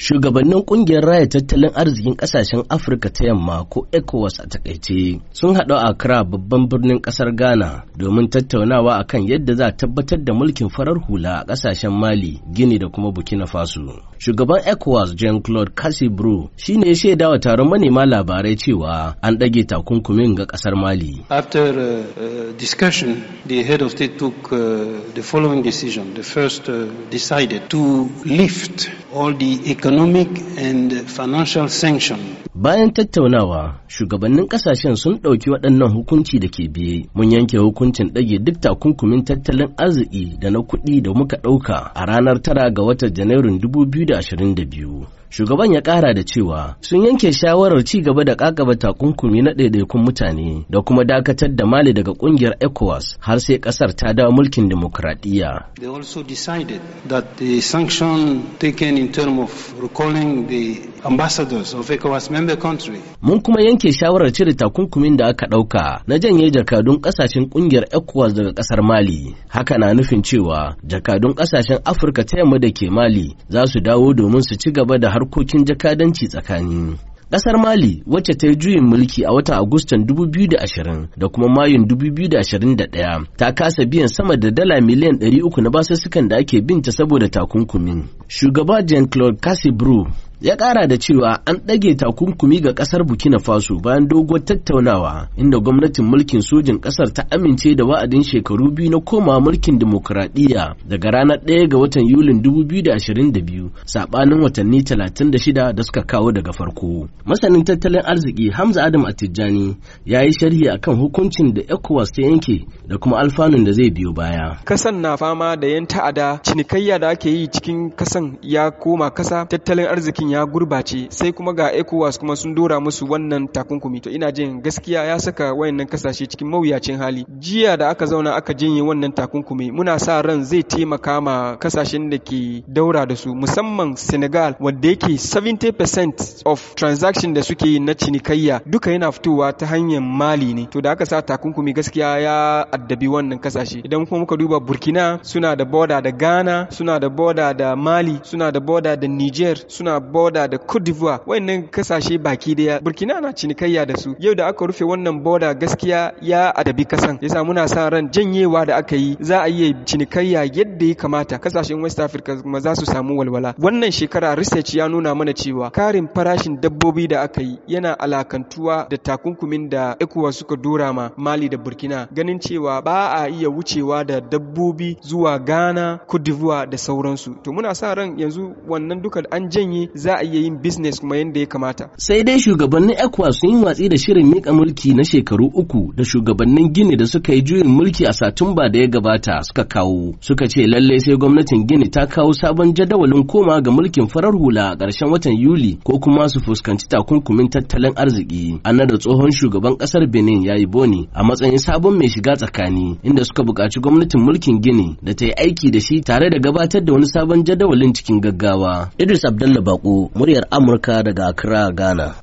shugabannin kungiyar raya tattalin arzikin kasashen afirka ta yamma ko ecowas a takaice sun haɗu a accra babban birnin ƙasar ghana domin tattaunawa a kan yadda za a tabbatar da mulkin farar hula a ƙasashen mali gini da kuma burkina faso shugaban ecowas jean claude casibro shi ya shaida wa taron manema labarai cewa an ɗage takunkumin ga ƙasar mali after uh, uh, discussion the head of state took uh, the following decision the first uh, decided to lift all economic and financial sanction. Bayan tattaunawa, shugabannin kasashen sun ɗauki waɗannan hukunci da ke biye. Mun yanke hukuncin ɗage duk takunkumin tattalin arziki da na kuɗi da muka ɗauka a ranar tara ga watan Janairun 2022. Shugaban ya kara da cewa sun yanke shawarar ci gaba da kakaba takunkumi na ɗaiɗaikun mutane da kuma dakatar da Mali daga kungiyar ECOWAS har sai ƙasar ta dawo mulkin dimokuraɗiyya. They also decided that the sanction taken in term of recalling the ambassadors of ECOWAS member country. Mun kuma yanke shawarar cire takunkumin da aka ɗauka na janye jakadun ƙasashen kungiyar ECOWAS daga ƙasar Mali. Haka na nufin cewa jakadun ƙasashen Afirka ta yamma da ke Mali za su dawo domin su ci gaba da harkokin jakadanci tsakani. Ƙasar Mali wacce ta yi juyin mulki a watan Agustan 2020 da kuma Mayun 2021 ta kasa biyan sama da dala miliyan 300 na basussukan da ake binta saboda takunkumin. Shugaba Jean-Claude Cassibro ya ƙara da cewa an ɗage takunkumi ga ƙasar burkina faso bayan doguwar tattaunawa inda gwamnatin mulkin sojin ƙasar ta amince da wa'adin shekaru biyu na koma mulkin dimokuraɗiyya daga ranar ɗaya ga watan yulin 2022 saɓanin watanni 36 da suka kawo daga farko masanin tattalin arziki hamza adam atijani ya yi sharhi akan hukuncin da ecowas ta yanke da kuma alfanun da zai biyo baya kasan na fama da yan ta'ada cinikayya da ake yi cikin kasan ya koma kasa tattalin arzikin ya gurbace sai kuma ga ECOWAS kuma sun dora musu wannan takunkumi to ina jin gaskiya ya saka wayannan kasashe cikin mawuyacin hali jiya da aka zauna aka jinye wannan takunkumi muna sa ran zai taimaka ma kasashen da ke daura da su musamman Senegal wanda yake 70% of transaction da suke na cinikayya duka yana fitowa ta hanyar Mali ne to da aka sa takunkumi gaskiya ya addabi wannan kasashe idan kuma muka duba Burkina suna da boda da Ghana suna da boda da Mali suna da boda da Niger suna boda da Cote d'Ivoire wayannan kasashe baki daya Burkina na cinikayya da su yau da aka rufe wannan boda gaskiya ya adabi kasan yasa muna sa ran janyewa da aka yi za a yi cinikayya yadda ya kamata kasashen West Africa kuma za su samu walwala wannan shekara research ya nuna mana cewa karin farashin dabbobi da aka yi yana alakantuwa da takunkumin da ECOWAS suka dora ma Mali da Burkina ganin cewa ba a iya wucewa da dabbobi zuwa Ghana, Cote d'Ivoire da sauransu to muna sa ran yanzu wannan duka an janye za za a iya yin business kuma yadda ya kamata. Sai dai shugabannin ecwa sun yi watsi da shirin mika mulki na shekaru uku da shugabannin Gini da suka yi juyin mulki a Satumba da ya gabata suka kawo. Suka ce lallai sai gwamnatin Gini ta kawo sabon jadawalin koma ga mulkin farar hula a ƙarshen watan Yuli ko kuma su fuskanci takunkumin tattalin arziki. An da tsohon shugaban ƙasar Benin ya yi Boni a matsayin sabon mai shiga tsakani inda suka buƙaci gwamnatin mulkin Gini da ta yi aiki da shi tare da gabatar da wani sabon jadawalin cikin gaggawa. Idris Abdallah Bako muryar Amurka daga Accra, Ghana.